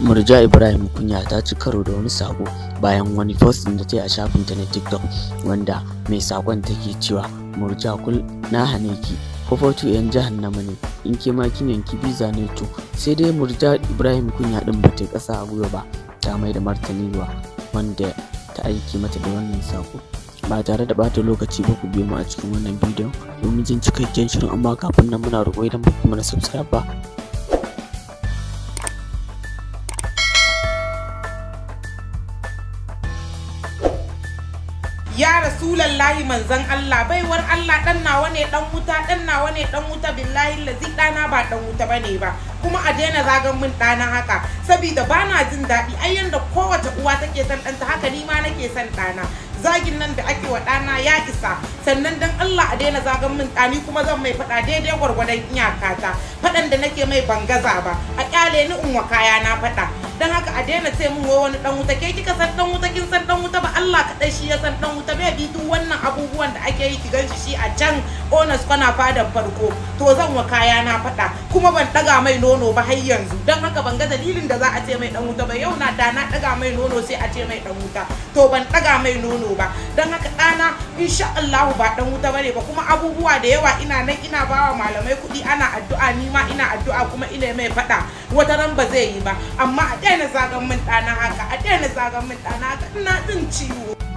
murja ibrahim kunya ta ci karo da wani sako bayan wani post da ta yi a shafin shafinta na tiktok wanda mai sakon take cewa murja kul na hane ki fafatu yan jahannama ne in ke ma kin ki biza ne to sai dai murja ibrahim kunya din ba ta kasa a gwiwa ba ta mai da martani wa wanda ta aiki mata da wannan sako ba tare da bata lokaci ba ku biyo mu a cikin wannan bidiyon domin jin cikakken shirin amma kafin nan muna roƙo idan ba ku mana subscribe ba ya rasulallahi manzan Allah baiwar Allah dan nawa ne dan wuta dan nawa ne dan wuta billahi lazi dana ba dan wuta bane ba kuma a daina zagan min dana haka saboda bana jin daɗi ai yanda kowace uwa take son ɗanta haka ni ma nake san ɗana zagin nan da ake wa ɗana ya isa sannan dan Allah a daina zagan min ɗani kuma zan mai faɗa daidai gwargwadon iyakata faɗan da nake mai bangaza ba a kyale ni in wa kaya na faɗa don haka a daina ce min wai wani dan wuta ke kika san dan wuta kin san dan wuta ba Allah kaɗai shi ya san dan wuta bai bi duk wannan abubuwan da ake yi kigan ganshi shi a can onas kwana fadan farko to zan wa kaya na faɗa kuma ban ɗaga mai nono ba har yanzu don haka ban ga dalilin da za a ce mai dan wuta ba yau na da na daga mai nono sai a ce mai dan wuta to ban ɗaga mai nono ba don haka ɗana insha Allah ba dan wuta bane ba kuma abubuwa da yawa ina nan ina bawa malamai kuɗi ana addu'a ni ma ina a kuma ile mai faɗa wata ran ba zai yi ba amma a daina zagan min ɗana haka a daina zagan min ɗana haka ina jin ciwo